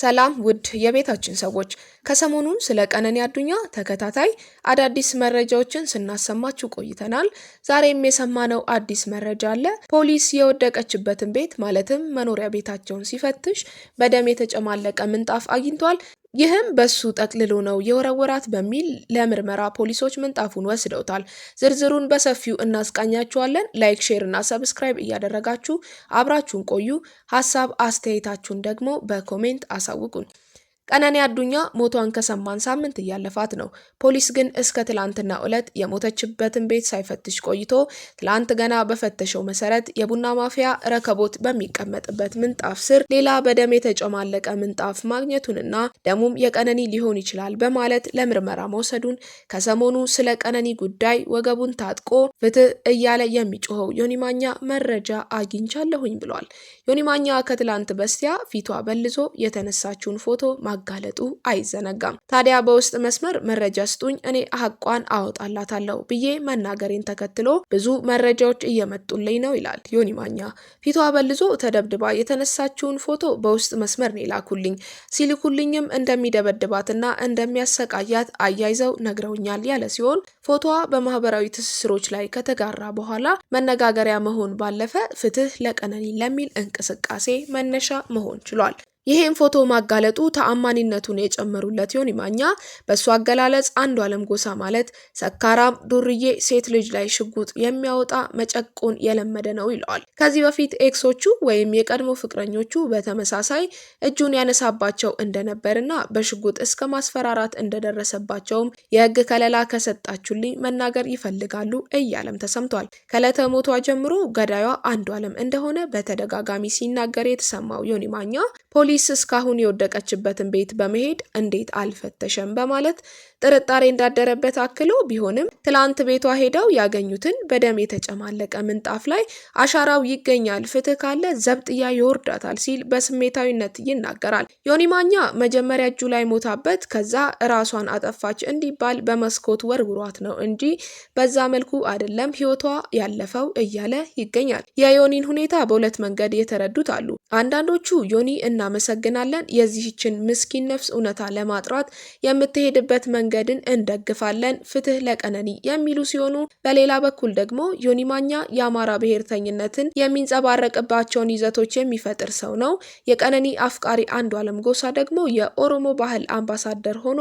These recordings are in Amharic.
ሰላም ውድ የቤታችን ሰዎች፣ ከሰሞኑን ስለ ቀነኒ አዱኛ ተከታታይ አዳዲስ መረጃዎችን ስናሰማችሁ ቆይተናል። ዛሬም የሰማነው አዲስ መረጃ አለ። ፖሊስ የወደቀችበትን ቤት ማለትም መኖሪያ ቤታቸውን ሲፈትሽ በደም የተጨማለቀ ምንጣፍ አግኝቷል። ይህም በሱ ጠቅልሎ ነው የወረወራት በሚል ለምርመራ ፖሊሶች ምንጣፉን ወስደውታል። ዝርዝሩን በሰፊው እናስቃኛችኋለን። ላይክ፣ ሼር እና ሰብስክራይብ እያደረጋችሁ አብራችሁን ቆዩ። ሀሳብ አስተያየታችሁን ደግሞ በኮሜንት አሳውቁን። ቀነኒ አዱኛ ሞቷን ከሰማን ሳምንት እያለፋት ነው። ፖሊስ ግን እስከ ትላንትና ዕለት የሞተችበትን ቤት ሳይፈትሽ ቆይቶ ትላንት ገና በፈተሸው መሰረት የቡና ማፍያ ረከቦት በሚቀመጥበት ምንጣፍ ስር ሌላ በደም የተጨማለቀ ምንጣፍ ማግኘቱንና ደሙም የቀነኒ ሊሆን ይችላል በማለት ለምርመራ መውሰዱን ከሰሞኑ ስለ ቀነኒ ጉዳይ ወገቡን ታጥቆ ፍትህ እያለ የሚጮኸው ዮኒማኛ መረጃ አግኝቻለሁኝ ብሏል። ዮኒማኛ ከትላንት በስቲያ ፊቷ በልዞ የተነሳችውን ፎቶ ማጋለጡ አይዘነጋም። ታዲያ በውስጥ መስመር መረጃ ስጡኝ፣ እኔ ሀቋን አወጣላታለሁ ብዬ መናገሬን ተከትሎ ብዙ መረጃዎች እየመጡልኝ ነው ይላል ዮኒ ማኛ። ፊቷ በልዞ ተደብድባ የተነሳችውን ፎቶ በውስጥ መስመር ነው የላኩልኝ። ሲልኩልኝም እንደሚደበድባትና እንደሚያሰቃያት አያይዘው ነግረውኛል ያለ ሲሆን ፎቶዋ በማህበራዊ ትስስሮች ላይ ከተጋራ በኋላ መነጋገሪያ መሆን ባለፈ ፍትህ ለቀነኒ ለሚል እንቅስቃሴ መነሻ መሆን ችሏል። ይህም ፎቶ ማጋለጡ ተአማኒነቱን የጨመሩለት ዮኒ ይማኛ። በእሱ አገላለጽ አለም ጎሳ ማለት ሰካራም ዱርዬ ሴት ልጅ ላይ ሽጉጥ የሚያወጣ መጨቁን የለመደ ነው ይለዋል። ከዚህ በፊት ኤክሶቹ ወይም የቀድሞ ፍቅረኞቹ በተመሳሳይ እጁን ያነሳባቸው እንደነበርና በሽጉጥ እስከ ማስፈራራት እንደደረሰባቸውም የህግ ከለላ ከሰጣችሁልኝ መናገር ይፈልጋሉ እያለም ተሰምቷል። ከዕለተ ሞቷ ጀምሮ ገዳዩ አለም እንደሆነ በተደጋጋሚ ሲናገር የተሰማው ዮኒ ይማኛ ፖሊስ ፖሊስ እስካሁን የወደቀችበትን ቤት በመሄድ እንዴት አልፈተሸም በማለት ጥርጣሬ እንዳደረበት አክሎ ቢሆንም ትላንት ቤቷ ሄደው ያገኙትን በደም የተጨማለቀ ምንጣፍ ላይ አሻራው ይገኛል፣ ፍትህ ካለ ዘብጥያ ይወርዳታል ሲል በስሜታዊነት ይናገራል። ዮኒ ማኛ መጀመሪያ እጁ ላይ ሞታበት ከዛ ራሷን አጠፋች እንዲባል በመስኮት ወርውሯት ነው እንጂ በዛ መልኩ አይደለም ህይወቷ ያለፈው እያለ ይገኛል። የዮኒን ሁኔታ በሁለት መንገድ የተረዱት አሉ። አንዳንዶቹ ዮኒ እና እናመሰግናለን። የዚህችን ምስኪን ነፍስ እውነታ ለማጥራት የምትሄድበት መንገድን እንደግፋለን። ፍትህ ለቀነኒ የሚሉ ሲሆኑ በሌላ በኩል ደግሞ ዮኒ ማኛ የአማራ ብሔርተኝነትን የሚንጸባረቅባቸውን ይዘቶች የሚፈጥር ሰው ነው። የቀነኒ አፍቃሪ አንዷለም ጎሳ ደግሞ የኦሮሞ ባህል አምባሳደር ሆኖ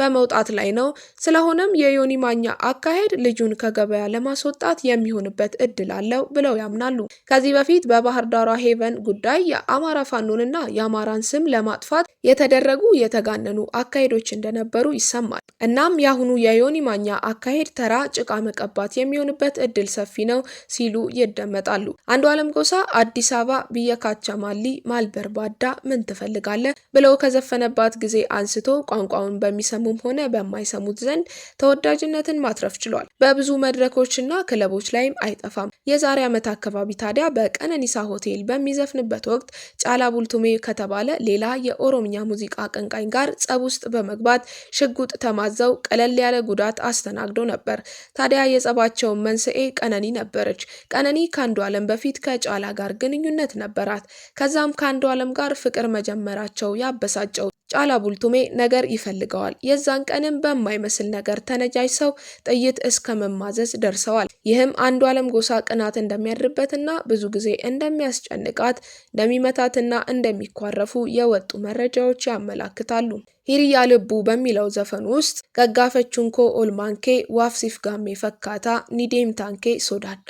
በመውጣት ላይ ነው። ስለሆነም የዮኒ ማኛ አካሄድ ልጁን ከገበያ ለማስወጣት የሚሆንበት እድል አለው ብለው ያምናሉ። ከዚህ በፊት በባህር ዳሯ ሄቨን ጉዳይ የአማራ ፋኖንና የአማራ የአማራን ስም ለማጥፋት የተደረጉ የተጋነኑ አካሄዶች እንደነበሩ ይሰማል። እናም የአሁኑ የዮኒ ማኛ አካሄድ ተራ ጭቃ መቀባት የሚሆንበት እድል ሰፊ ነው ሲሉ ይደመጣሉ። አንዱዓለም ጎሳ አዲስ አበባ ብየካቻ ማሊ ማልበር ባዳ ምን ትፈልጋለህ ብለው ከዘፈነባት ጊዜ አንስቶ ቋንቋውን በሚሰሙም ሆነ በማይሰሙት ዘንድ ተወዳጅነትን ማትረፍ ችሏል። በብዙ መድረኮችና ክለቦች ላይም አይጠፋም። የዛሬ ዓመት አካባቢ ታዲያ በቀነኒሳ ሆቴል በሚዘፍንበት ወቅት ጫላ ቡልቱሜ ከተባ ከተባለ ሌላ የኦሮምኛ ሙዚቃ አቀንቃኝ ጋር ጸብ ውስጥ በመግባት ሽጉጥ ተማዘው ቀለል ያለ ጉዳት አስተናግዶ ነበር። ታዲያ የጸባቸውን መንስኤ ቀነኒ ነበረች። ቀነኒ ከአንዱ ዓለም በፊት ከጫላ ጋር ግንኙነት ነበራት። ከዛም ከአንዱ ዓለም ጋር ፍቅር መጀመራቸው ያበሳጨው ጫላ ቡልቱሜ ነገር ይፈልገዋል። የዛን ቀንም በማይመስል ነገር ተነጃጅ ሰው ጥይት እስከ መማዘዝ ደርሰዋል። ይህም አንዱ አለም ጎሳ ቅናት እንደሚያድርበትና ብዙ ጊዜ እንደሚያስጨንቃት እንደሚመታትና እንደሚኳረፉ የወጡ መረጃዎች ያመላክታሉ። ሂሪያ ልቡ በሚለው ዘፈን ውስጥ ገጋፈችንኮ ኦልማንኬ ዋፍሲፍ ጋሜ ፈካታ ኒዴም ታንኬ ሶዳዳ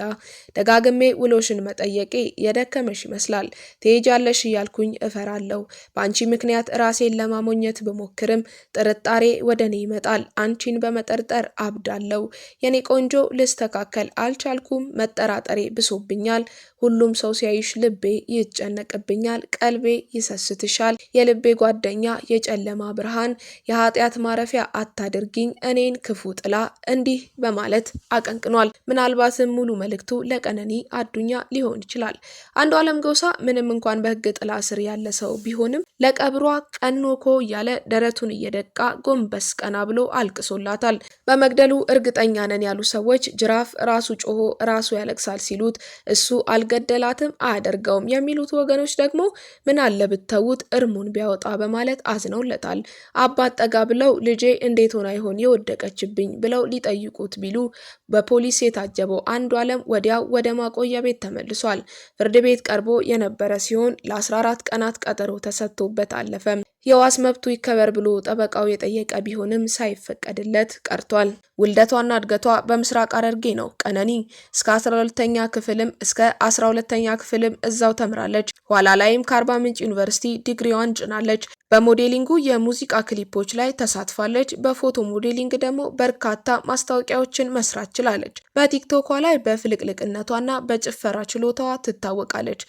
ደጋግሜ ውሎሽን መጠየቄ የደከመሽ ይመስላል ትሄጃለሽ እያልኩኝ እፈራለሁ። በአንቺ ምክንያት ራሴን ለማሞኘት ብሞክርም ጥርጣሬ ወደ እኔ ይመጣል። አንቺን በመጠርጠር አብዳለሁ። የኔ ቆንጆ ልስተካከል አልቻልኩም። መጠራጠሬ ብሶብኛል። ሁሉም ሰው ሲያይሽ ልቤ ይጨነቅብኛል፣ ቀልቤ ይሰስትሻል። የልቤ ጓደኛ፣ የጨለማ ብርሃን፣ የኃጢአት ማረፊያ አታድርጊኝ እኔን ክፉ ጥላ እንዲህ በማለት አቀንቅኗል። ምናልባትም ሙሉ መልእክቱ ለቀነኒ አዱኛ ሊሆን ይችላል። አንዱ አለም ጎሳ ምንም እንኳን በህግ ጥላ ስር ያለ ሰው ቢሆንም ለቀብሯ ቀኖኮ እያለ ደረቱን እየደቃ ጎንበስ ቀና ብሎ አልቅሶላታል። በመግደሉ እርግጠኛ ነን ያሉ ሰዎች ጅራፍ ራሱ ጮሆ ራሱ ያለቅሳል ሲሉት እሱ አልገ እንዲገደላትም አያደርገውም የሚሉት ወገኖች ደግሞ ምን አለ ብተዉት እርሙን ቢያወጣ በማለት አዝነውለታል። አባት ጠጋ ብለው ልጄ እንዴት ሆና ይሆን የወደቀችብኝ ብለው ሊጠይቁት ቢሉ በፖሊስ የታጀበው አንዱ አለም ወዲያው ወደ ማቆያ ቤት ተመልሷል። ፍርድ ቤት ቀርቦ የነበረ ሲሆን ለ14 ቀናት ቀጠሮ ተሰጥቶበት አለፈ። የዋስ መብቱ ይከበር ብሎ ጠበቃው የጠየቀ ቢሆንም ሳይፈቀድለት ቀርቷል። ውልደቷና እድገቷ በምስራቅ ሐረርጌ ነው። ቀነኒ እስከ 12ተኛ ክፍልም እስከ 12ተኛ ክፍልም እዛው ተምራለች። ኋላ ላይም ከአርባ ምንጭ ዩኒቨርሲቲ ዲግሪዋን ጭናለች። በሞዴሊንጉ የሙዚቃ ክሊፖች ላይ ተሳትፋለች። በፎቶ ሞዴሊንግ ደግሞ በርካታ ማስታወቂያዎችን መስራት ችላለች። በቲክቶኳ ላይ በፍልቅልቅነቷና በጭፈራ ችሎታዋ ትታወቃለች።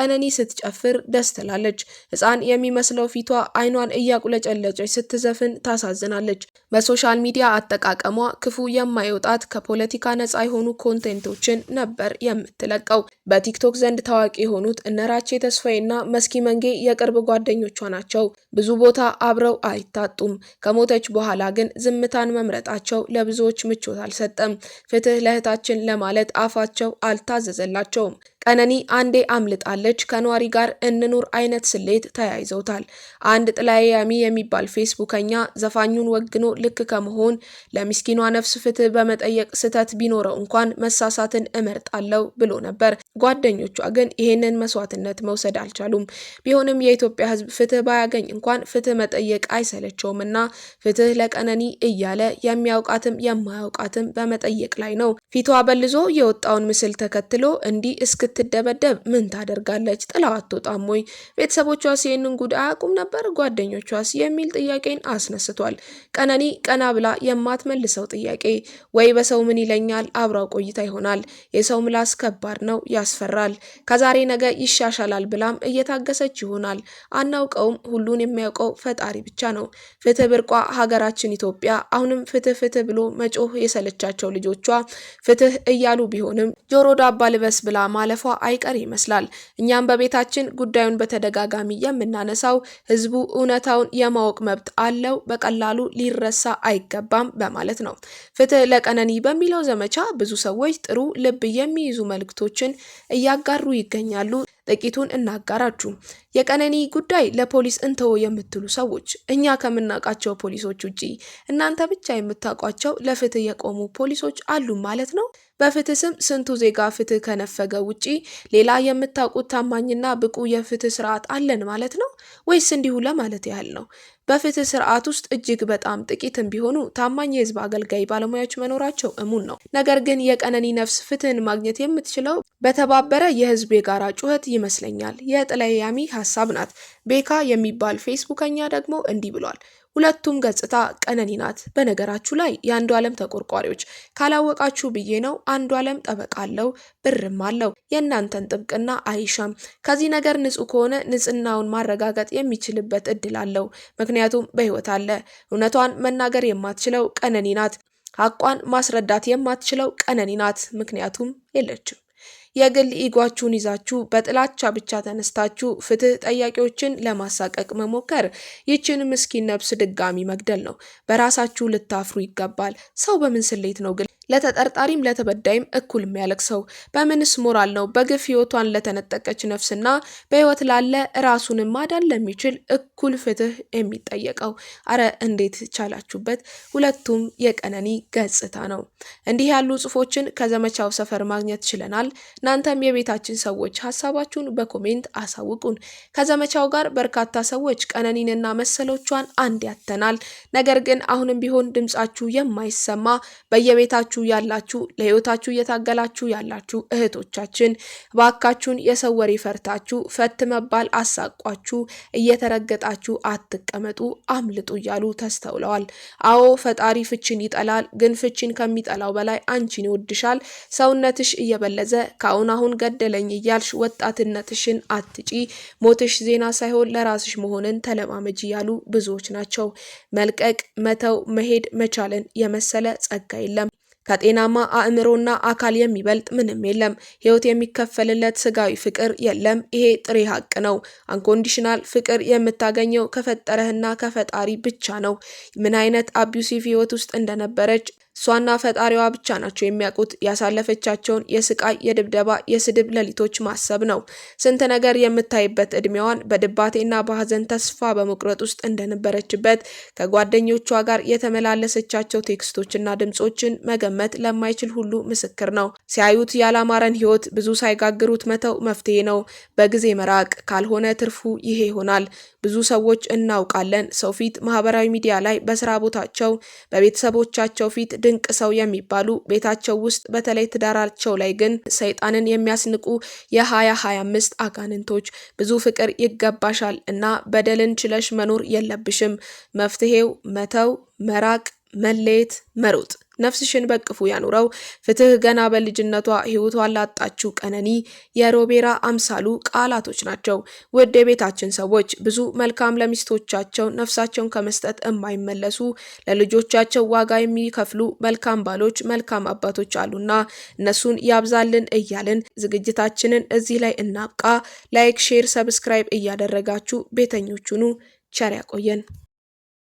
ቀነኒ ስትጨፍር ደስ ትላለች። ሕፃን የሚመስለው ፊቷ አይኗን እያቁለጨለጨች ስትዘፍን ታሳዝናለች። በሶሻል ሚዲያ አጠቃቀሟ ክፉ የማይወጣት ከፖለቲካ ነፃ የሆኑ ኮንቴንቶችን ነበር የምትለቀው። በቲክቶክ ዘንድ ታዋቂ የሆኑት እነራቼ ተስፋዬና መስኪ መንጌ የቅርብ ጓደኞቿ ናቸው። ብዙ ቦታ አብረው አይታጡም። ከሞተች በኋላ ግን ዝምታን መምረጣቸው ለብዙዎች ምቾት አልሰጠም። ፍትህ ለእህታችን ለማለት አፋቸው አልታዘዘላቸውም። ቀነኒ አንዴ አምልጣለች ከኗሪ ጋር እንኑር አይነት ስሌት ተያይዘውታል። አንድ ጥላያሚ የሚባል ፌስቡከኛ ዘፋኙን ወግኖ ልክ ከመሆን ለሚስኪኗ ነፍስ ፍትህ በመጠየቅ ስህተት ቢኖረው እንኳን መሳሳትን እመርጣለሁ ብሎ ነበር። ጓደኞቿ ግን ይህንን መስዋዕትነት መውሰድ አልቻሉም። ቢሆንም የኢትዮጵያ ህዝብ ፍትህ ባያገኝ እንኳን ፍትህ መጠየቅ አይሰለቸውም እና ፍትህ ለቀነኒ እያለ የሚያውቃትም የማያውቃትም በመጠየቅ ላይ ነው። ፊቷ በልዞ የወጣውን ምስል ተከትሎ እንዲህ እስክ ስትደበደብ ምን ታደርጋለች? ጥላው አትወጣም ወይ? ቤተሰቦቿስ ይህንን ጉድ አያውቁም ነበር? ጓደኞቿስ የሚል ጥያቄን አስነስቷል። ቀነኒ ቀና ብላ የማትመልሰው ጥያቄ ወይ በሰው ምን ይለኛል አብራው ቆይታ ይሆናል። የሰው ምላስ ከባድ ነው፣ ያስፈራል። ከዛሬ ነገ ይሻሻላል ብላም እየታገሰች ይሆናል። አናውቀውም። ሁሉን የሚያውቀው ፈጣሪ ብቻ ነው። ፍትህ ብርቋ ሀገራችን ኢትዮጵያ አሁንም ፍትህ ፍትህ ብሎ መጮህ የሰለቻቸው ልጆቿ ፍትህ እያሉ ቢሆንም ጆሮ ዳባ ልበስ ብላ ማለፍ ማለፏ አይቀር ይመስላል። እኛም በቤታችን ጉዳዩን በተደጋጋሚ የምናነሳው ህዝቡ እውነታውን የማወቅ መብት አለው፣ በቀላሉ ሊረሳ አይገባም በማለት ነው። ፍትህ ለቀነኒ በሚለው ዘመቻ ብዙ ሰዎች ጥሩ ልብ የሚይዙ መልእክቶችን እያጋሩ ይገኛሉ። ጥቂቱን እናጋራችሁ። የቀነኒ ጉዳይ ለፖሊስ እንተወ የምትሉ ሰዎች እኛ ከምናውቃቸው ፖሊሶች ውጪ እናንተ ብቻ የምታውቋቸው ለፍትህ የቆሙ ፖሊሶች አሉ ማለት ነው? በፍትህ ስም ስንቱ ዜጋ ፍትህ ከነፈገ ውጪ ሌላ የምታውቁት ታማኝና ብቁ የፍትህ ስርዓት አለን ማለት ነው? ወይስ እንዲሁ ለማለት ያህል ነው? በፍትህ ስርዓት ውስጥ እጅግ በጣም ጥቂትም ቢሆኑ ታማኝ የህዝብ አገልጋይ ባለሙያዎች መኖራቸው እሙን ነው። ነገር ግን የቀነኒ ነፍስ ፍትህን ማግኘት የምትችለው በተባበረ የህዝብ የጋራ ጩኸት ይመስለኛል። የጥለያሚ ሀሳብ ናት። ቤካ የሚባል ፌስቡከኛ ደግሞ እንዲህ ብሏል። ሁለቱም ገጽታ ቀነኒ ናት። በነገራችሁ ላይ የአንዱ ዓለም ተቆርቋሪዎች ካላወቃችሁ ብዬ ነው። አንዱ ዓለም ጠበቃ አለው፣ ብርም አለው። የእናንተን ጥብቅና አይሻም። ከዚህ ነገር ንጹሕ ከሆነ ንጽህናውን ማረጋገጥ የሚችልበት እድል አለው። ምክንያቱም በሕይወት አለ። እውነቷን መናገር የማትችለው ቀነኒ ናት። ሀቋን ማስረዳት የማትችለው ቀነኒ ናት። ምክንያቱም የለችም። የግል ኢጓችሁን ይዛችሁ በጥላቻ ብቻ ተነስታችሁ ፍትህ ጠያቂዎችን ለማሳቀቅ መሞከር ይችን ምስኪን ነብስ ድጋሚ መግደል ነው። በራሳችሁ ልታፍሩ ይገባል። ሰው በምን ስሌት ነው ግን ለተጠርጣሪም ለተበዳይም እኩል የሚያለቅሰው በምንስ ሞራል ነው? በግፍ ህይወቷን ለተነጠቀች ነፍስና በህይወት ላለ ራሱን ማዳን ለሚችል እኩል ፍትህ የሚጠየቀው። አረ እንዴት ቻላችሁበት? ሁለቱም የቀነኒ ገጽታ ነው። እንዲህ ያሉ ጽሁፎችን ከዘመቻው ሰፈር ማግኘት ችለናል። እናንተም የቤታችን ሰዎች ሀሳባችሁን በኮሜንት አሳውቁን። ከዘመቻው ጋር በርካታ ሰዎች ቀነኒንና መሰሎቿን አንድ ያተናል። ነገር ግን አሁንም ቢሆን ድምጻችሁ የማይሰማ በየቤታችሁ እየታገላችሁ ያላችሁ ለህይወታችሁ እየታገላችሁ ያላችሁ እህቶቻችን ባካችሁን የሰው ወሬ ፈርታችሁ ፈት መባል አሳቋችሁ እየተረገጣችሁ አትቀመጡ፣ አምልጡ እያሉ ተስተውለዋል። አዎ ፈጣሪ ፍችን ይጠላል፣ ግን ፍችን ከሚጠላው በላይ አንቺን ይወድሻል። ሰውነትሽ እየበለዘ ከአሁን አሁን ገደለኝ እያልሽ ወጣትነትሽን አትጪ። ሞትሽ ዜና ሳይሆን ለራስሽ መሆንን ተለማመጂ ያሉ ብዙዎች ናቸው። መልቀቅ፣ መተው፣ መሄድ መቻልን የመሰለ ጸጋ የለም። ከጤናማ አእምሮና አካል የሚበልጥ ምንም የለም። ህይወት የሚከፈልለት ስጋዊ ፍቅር የለም። ይሄ ጥሬ ሀቅ ነው። አንኮንዲሽናል ፍቅር የምታገኘው ከፈጠረህና ከፈጣሪ ብቻ ነው። ምን አይነት አቢዩሲቭ ህይወት ውስጥ እንደነበረች እሷና ፈጣሪዋ ብቻ ናቸው የሚያውቁት። ያሳለፈቻቸውን የስቃይ፣ የድብደባ፣ የስድብ ሌሊቶች ማሰብ ነው። ስንት ነገር የምታይበት እድሜዋን በድባቴና በሀዘን ተስፋ በመቁረጥ ውስጥ እንደነበረችበት ከጓደኞቿ ጋር የተመላለሰቻቸው ቴክስቶችና ድምፆችን መገመት ሊገመት ለማይችል ሁሉ ምስክር ነው። ሲያዩት ያላማረን ህይወት ብዙ ሳይጋግሩት መተው መፍትሄ ነው። በጊዜ መራቅ ካልሆነ ትርፉ ይሄ ይሆናል። ብዙ ሰዎች እናውቃለን፣ ሰው ፊት፣ ማህበራዊ ሚዲያ ላይ፣ በስራ ቦታቸው፣ በቤተሰቦቻቸው ፊት ድንቅ ሰው የሚባሉ ቤታቸው ውስጥ በተለይ ትዳራቸው ላይ ግን ሰይጣንን የሚያስንቁ የ2025 አጋንንቶች ብዙ ፍቅር ይገባሻል እና በደልን ችለሽ መኖር የለብሽም። መፍትሄው መተው፣ መራቅ፣ መለየት፣ መሮጥ ነፍስሽን በቅፉ ያኑረው። ፍትህ ገና በልጅነቷ ህይወቷን ላጣችው ቀነኒ የሮቤራ አምሳሉ ቃላቶች ናቸው። ውድ የቤታችን ሰዎች ብዙ መልካም ለሚስቶቻቸው ነፍሳቸውን ከመስጠት የማይመለሱ ለልጆቻቸው ዋጋ የሚከፍሉ መልካም ባሎች፣ መልካም አባቶች አሉና እነሱን ያብዛልን እያልን ዝግጅታችንን እዚህ ላይ እናብቃ። ላይክ፣ ሼር፣ ሰብስክራይብ እያደረጋችሁ ቤተኞቹኑ ቸር ያቆየን።